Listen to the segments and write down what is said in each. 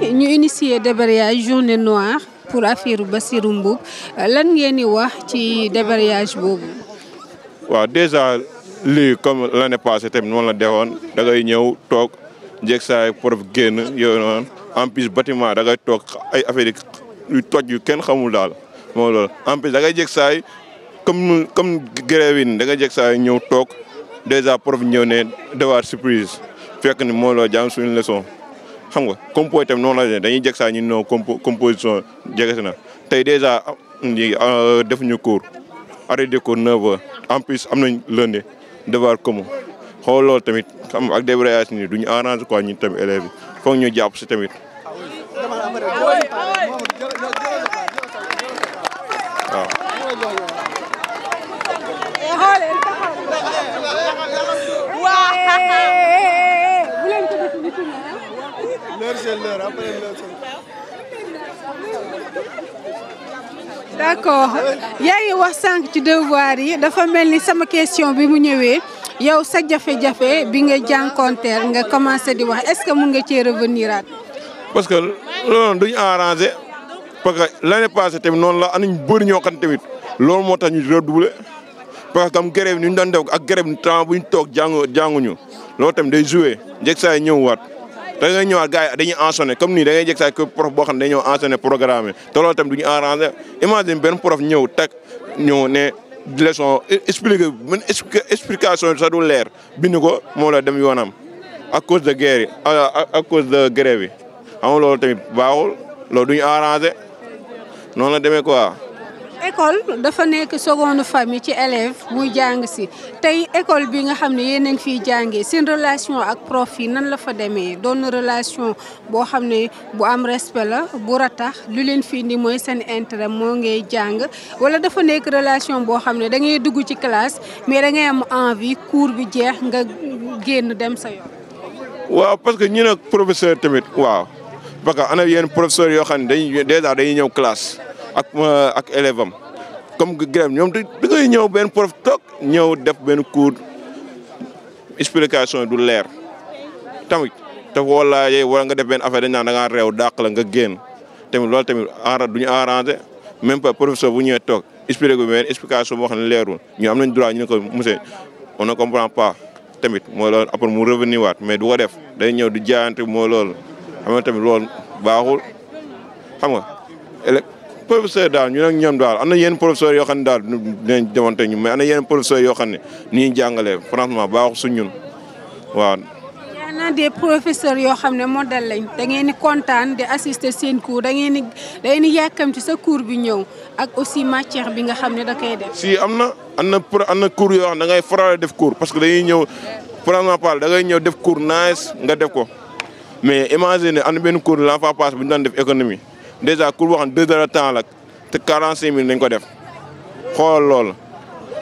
tey ñu initié débrayage journée noire pour affaire Bassirou Mboup lan ngeen di wax ci débrayage boobu. waaw déjà lii comme l'année passée tamit noonu la defoon da ñëw toog njëkk saa prof génn yooyu noonu en plus bâtiment da ngay toog ay affaire yu toj yu kenn xamul daal moo loolu en plus da ngay jëkk saa comme comme grève yi da ngay saa ñëw toog déjà prof ñëw ne devoir surprise fekk ni moo loolu jàng suñu leçon. xam nga compo itam noonu la dañuy jeg saa ñu no compo composition jege na tey dèjà ah, ah, defuñu cours arrêté cours 9h en plus am nañ lundi devoir commun xool loolu tamit xam ak débrayage ni duñu arrange quoi ñun tamit élèves yi foog ñu jàpp si tamit. l'heure c'est d'accord yaa ngi wax sànq ci devoir yi dafa mel ni sama question bi mu ñëwee yow sa jafe-jafe bi nga jànkonteel nga commencé di wax est-ce que mun nga cee revenir aat parce que loolu duñu arrangé parce que l'année passée tamit noonu la am nañu bëri ñoo xam tamit loolu moo tax ñu redoubler parce que tam grève ñu doon def ak grève temps bu ñu toog jàngu jànguñu loolu tamit day joué njëkk saa yi ñëw waat da ngay ñëwaat gars yi dañuy ensonné comme nii da ngay jeg saa ko prof boo xam ne dañoo ensonné programme te loolu tam du ñu arrangé imagine benn prof ñëw teg ñëw ne leçon expliqué mën explication sax du leer bind ko moo la dem yoonam a cause de guerre yi cause de grève yi xam nga loolu tamit baaxul loolu du ñu arrangé noonu la demee quoi. école dafa nekk seconde famille ci élève muy jàng si tey école bi nga xam ne yéen a ngi fiy jàngee seen relation ak prof yi nan la fa demee doon relation boo xam ne bu am respect la bu ratax lu leen fii indi mooy seen intérêt moo ngay jàng wala dafa nekk relation boo xam ne da dugg ci classe mais da ngay am envie cours bi jeex nga génn dem sa yoon. waaw parce que ñu nag professeur tamit waaw parce que ana yenn professeur yoo xam ne dañu déjà dañuy ñëw classe. ak euh, ak élève am comme grève ñoom da ngay ñëw benn prof toog ñëw def benn cours explication du leer tamit te wala yooyu wala nga def benn affaire dañ naan da ngaa réew dàq la nga génn tamit lool tamit en du ñu arrangé même pas professeur bu ñëwee toog expliqué ko benn explication boo xam ne leerul ñu am nañ droit ñu ne ko monsieur on ne comprend pas tamit mooy loolu après mu revenir waat mais du def day ñëw di jaayante mooy lool xam nga tamit loolu baaxul xam nga professeur daal ñu nag ñoom daal am na yenn professeur yoo xam ne daal dinañ demante ñu mais am ne ni ñuy jàngalee franchement baaxul su ñun waaw. na des professeurs yoo xam ne modèle da ngeen di kontaan di assister seen cours da ngeen di da ngeen di yàkkamti sa cours bi ñëw ak aussi matière bi nga xam ne da def. si am na am na am na cours yoo xam ne da ngay faral def cours parce que dañuy ñëw franchement parle da ngay ñëw def cours nice nga def ko mais imagine ne am na benn cours l'enfant passe bu ñu daan def économie. dèjà ku waxoon deux heures de temps la te quarante cinq minutes dañ ko def xoolal loolu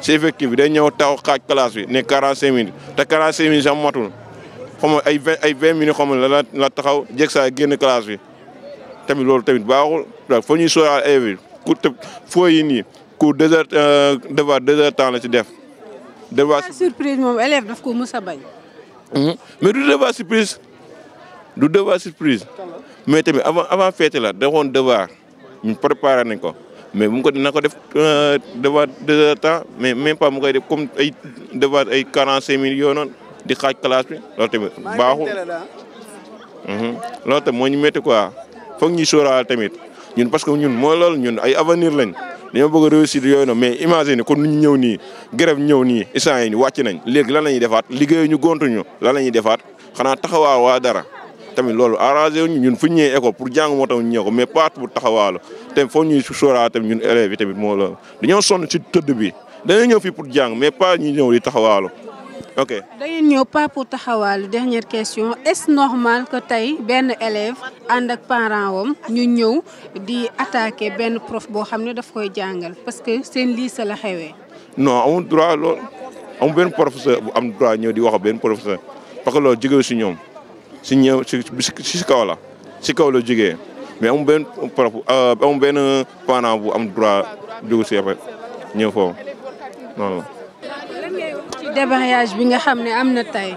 si effectif bi day ñëw taw xaaj classe bi ne quarante cinq minutes te quarante cinq minutes sax matul xam ay vingt ay vingt minutes xam nga la taxaw jeg saa génn classe bi tamit loolu tamit baaxul donc foo ñuy sóoraal élèves yi ku te foo yi nii ku deux heures euh, devoir deux heures temps la ci def. devoir surprise moom élève daf ko mës a bañ. Mhm. mais du devoir surprise du devoir surprise. mais tamit avant avant fête la da woon devoir nañ ko mais bu ko na ko def euh, devoir deux heures temps mais même pas mu koy def comme ay devoir ay quarante cinq mille yoo di xaaj classe bi loolu tamit baaxul. Mhm. loolu tamit moo ñu métti quoi foog ñuy sóoraal tamit ñun parce que ñun mooy loolu ñun ay avenir lañ dañoo bëgg a réussir yooyu noonu mais imagine kon ñu ñëw nii grève ñëw ni instant yi nii wàcc nañ. léegi lan la ñuy defaat liggéeyu ñu gontuñu lan la ñuy defaat xanaa taxawaa waa dara. tamit loolu arrangé wuñu ñun fu ñu ñëwee école pour jàng moo tax ñu ñëw ko mais pas pour taxawaalu te foo ñuy sóoraa tamit ñun élèves yi tamit moo la dañoo sonn si tëdd bi dañoo ñëw fii pour jàng mais pas ñu ñëw di taxawaalu ok. dañuy ñëw pas pour taxawaalu dernière question est-ce normal tey benn élève ànd ak parent wam ñu ñëw di attaquer benn prof boo xam ne daf koy jàngal parce que seen lii sa la xewee. non amul droit loolu amul benn professeur bu am droit ñëw di wax benn professeur parce que loolu jigéen si ñoom. si ñëw si si kaw la si kaw la jógee mais amul benn propre euh, amul benn bu am droit dugg si affaire ñëw foofu noonu la. bi nga xam ne am na tey.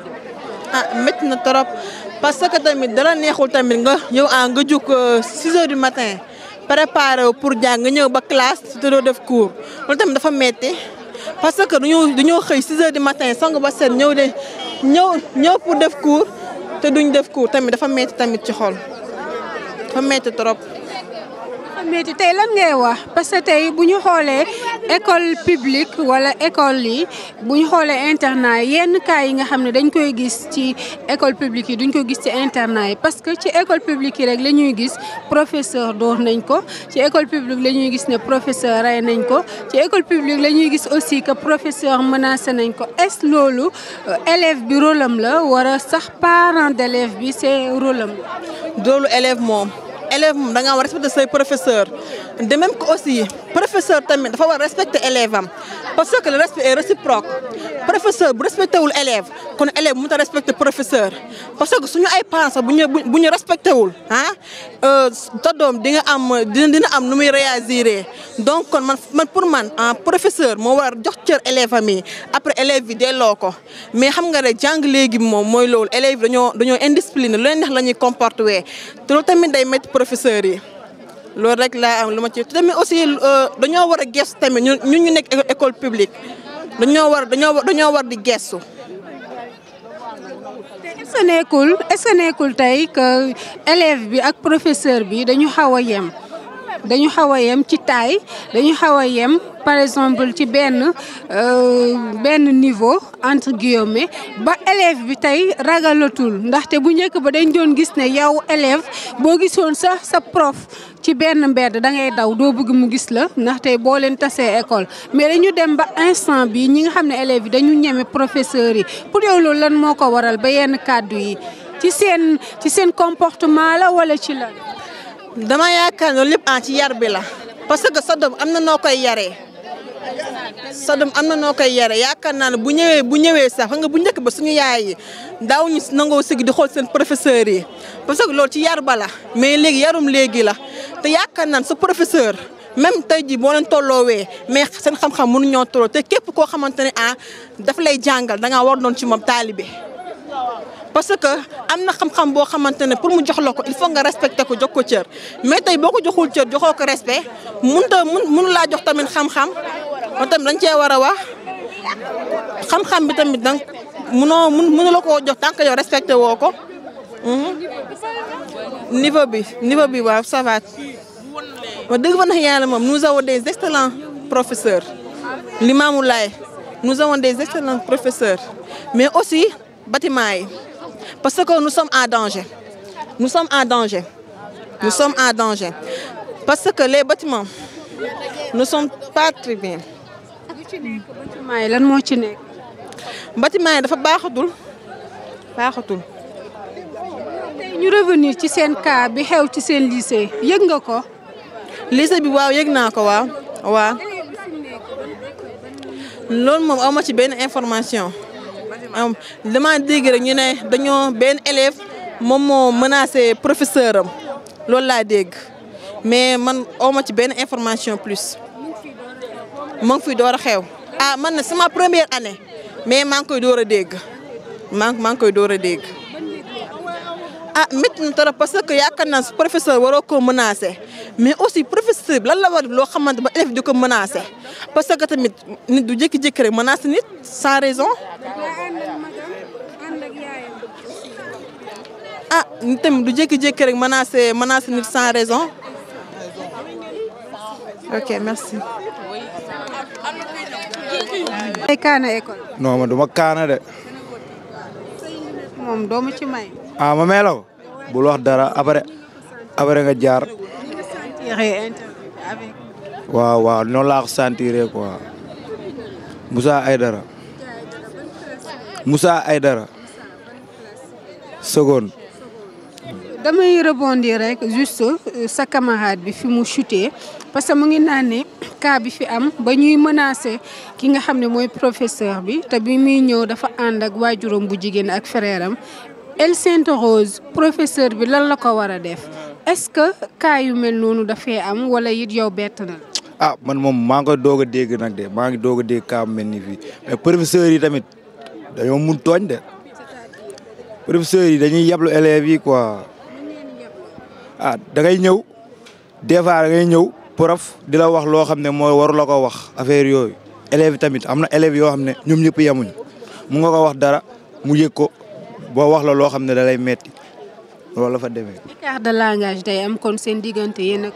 ah métti na trop parce que tamit dara neexul tamit nga yow ah nga jóg 6 euh, heures du matin préparé pour jàng nga ñëw ba classe te doo def cours loolu tamit dafa metti parce que du ñu du ñu xëy 6 heures du matin sang ba seen ñëw de ñëw ñëw pour def cours. te duñ def cours tamit dafa metti tamit ci xool dafa metti trop. dafa metti tey lan ngay wax parce que tey bu ñu xoolee école publique wala école yi bu ñu xoolee internat yenn kaay yi nga xam ne dañ koy gis ci école publique yi duñ ko gis ci internat yi parce que ci école publique yi rek la ñuy gis professeur door nañ ko ci école publique la ñuy gis ne professeur rey nañ ko ci école publique la ñuy gis aussi que professeur menacé nañ ko est-ce loolu euh, élève bi rôlam la wara sax parent d'élève bi c'est rôlam la. doolu élève moom. élève moom da nga war respecter say professeur de même que aussi professeur tamit dafa war respecter élève am parce que le respect est réciproque professeur wul élève kon élève mënut a respecter professeur parce que suñu ay parents bu ñu bu ñu respecté wul ah euh, ta doom di nga am dina dina am nu muy réagir donc kon man man pour man ah professeur moo war jox cër élève am yi après élève bi delloo ko mais xam nga rek jàng léegi moom mooy loolu élève dañoo dañoo indiscipliné lu leen neex la ñuy comporté te loolu tamit day métti professeurs yi loolu rek laa am lu ma ci tamit aussi euh, dañoo war a gestu tamit ñu ñu nekk école publique dañoo war dañoo dañoo war di gestu. est-ce que nekkul est tey que élève bi ak professeur bi dañu xaw a yem. dañu xaw a yem ci taille dañu xaw a yem par exemple ci benn euh, benn niveau entre guillemets ba élève bi tey ragalatul ndaxte bu njëkk ba dañ doon gis ne yow élève boo gisoon sax sa prof ci benn mbedd dangay daw doo bëgg mu gis la ndaxte boo leen tasee école mais dañu dem ba instant bi ñi nga xam ne élèves bi dañu ñeme professeurs yi pour yow loolu lan moo ko waral ba yenn kàddu yi ci seen ci seen comportement la wala ci la dama yaakaar ne lépp ah ci yar bi la parce que sa doom am na noo koy yaree sa doom am na noo koy yare yaakaar naa ne bu ñëwee bu ñëwee sax xam nga bu njëkk ba suñu yaay yi daaw ñu nangoo sigi di xool seen professeurs yi parce que loolu ci yar bala la mais léegi yarum léegi la te yaakaar naa ne sa professeur même tey jii boo leen tolloowee mais seen xam-xam mënu ñoo tolloo te képp koo xamante ne ah daf lay jàngal da ngaa war doon ci moom taalibe parce que am na xam-xam boo xamante ne pour mu jox la ko il faut nga respecté ko jox ko cër mais tey boo ko joxul cër joxoo ko respect mënut a mun mënu laa jox tamit xam-xam ba tamit dañ cee war a wax xam bi tamit danga mënoo mun mënu la koo jox tant que yow respecté woo ko. Hmm? niveau bi niveau bi waaw ça va wax dëgg fa nax yàlla moom nous avons des excellents professeurs Limamou Laye nous avons des excellents professeurs mais aussi bâtiment yi parce que nu sommes en danger nous sommes en danger nous sommes en parce que les batiment ne sont pas yi lan moo ci nekk. batiment yi dafa baaxatul baaxatul. tey ñu revenir ci seen cas bi xew ci seen lycée yëg nga ko. lycée bi waaw yëg naa ko waaw waaw. loolu moom aw ma ci benn information. am dama dégg rek ñu ne dañoo benn élève moom moo menacé professeur am loolu laa dégg mais man awma ci benn information plus mu ngi fi door a xew. ah man na sama première année mais maa ngi koy door a dégg maa maa ngi koy door a dégg. a ah, métti na trop parce que yaakaar naa su professeur waroo koo menacé mais aussi professeur bi lan la war loo xamante ba élève di ko menacé parce que tamit nit du jékki-jékki rek menacé nit sans raison. ah nit tamit du jékki-jékki rek menacé menacé nit raison. ok merci. moom doo ma ci may. ah ma meelaw. bul wax dara après nga jaar. waaw waaw noonu laa ko sentiré quoi. Moussa Aydara. Moussa Aydara. seconde. damay rebondir rek juste euh, sa camarade bi fi mu chuté. parce que mu ngi naan ne cas bi fi am ba ñuy menacé ki nga xam ne mooy professeur bi te bi muy ñëw dafa ànd ak waajuram bu jigéen ak frère am elle s'interroge professeur bi lan la ko war a def est-ce que cas yu mel noonu dafee am wala it yow bett na. a ah, man moom maa ngi koy doog a dégg nag de maa ngi doog a dégg cas mel nii fii mais professeurs yi tamit dañoo mun tooñ de professeurs yi dañuy yablu élèves yi quoi ah da ngay ñëw des fois da ngay ñëw. prof di la wax loo xam ne mooy waru la ko wax affaire yooyu élèves tamit am na élèves yoo xam ne ñoom ñëpp yemuñu mun nga ko wax dara mu yëg ko boo wax la loo xam ne dalay lay metti loolu fa demee. écart de langage day kon seen diggante yéen ak.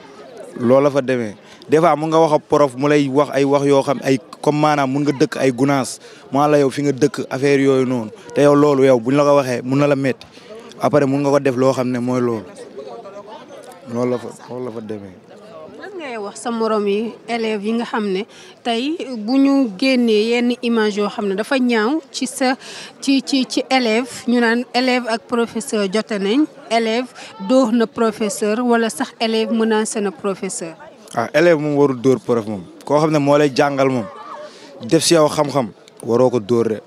loolu la fa des fois mun nga wax ak prof mu lay wax ay wax yoo xam ay comme maanaam mun nga dëkk ay gunaas maa la yow fi nga dëkk affaire yooyu noonu te yow loolu yow buñ la ko waxee mun na la metti après mun nga ko def loo xam ne mooy loolu loolu fa demee. koy wax sa moroom yi élèves yi nga xam ne tey bu ñu génnee yenn image yoo xam ne dafa ñaaw ci sa ci ci ci élève ñu naan élève ak professeur jote nañ élève dóor na professeur wala sax élève menacé na professeur. ah élève moom warul dóor prof moom koo xam ne moo lay jàngal moom def si yow xam-xam waroo ko dóor de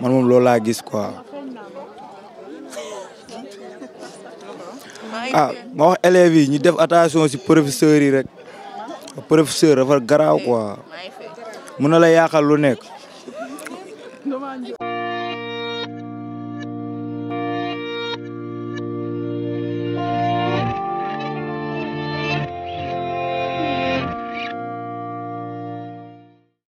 man moom loolu laa gis quoi. ah ma wax élèves yi ñu def attention si professeurs yi rek professeur dafa garaaw quoi mun na la yàqal lu nekk.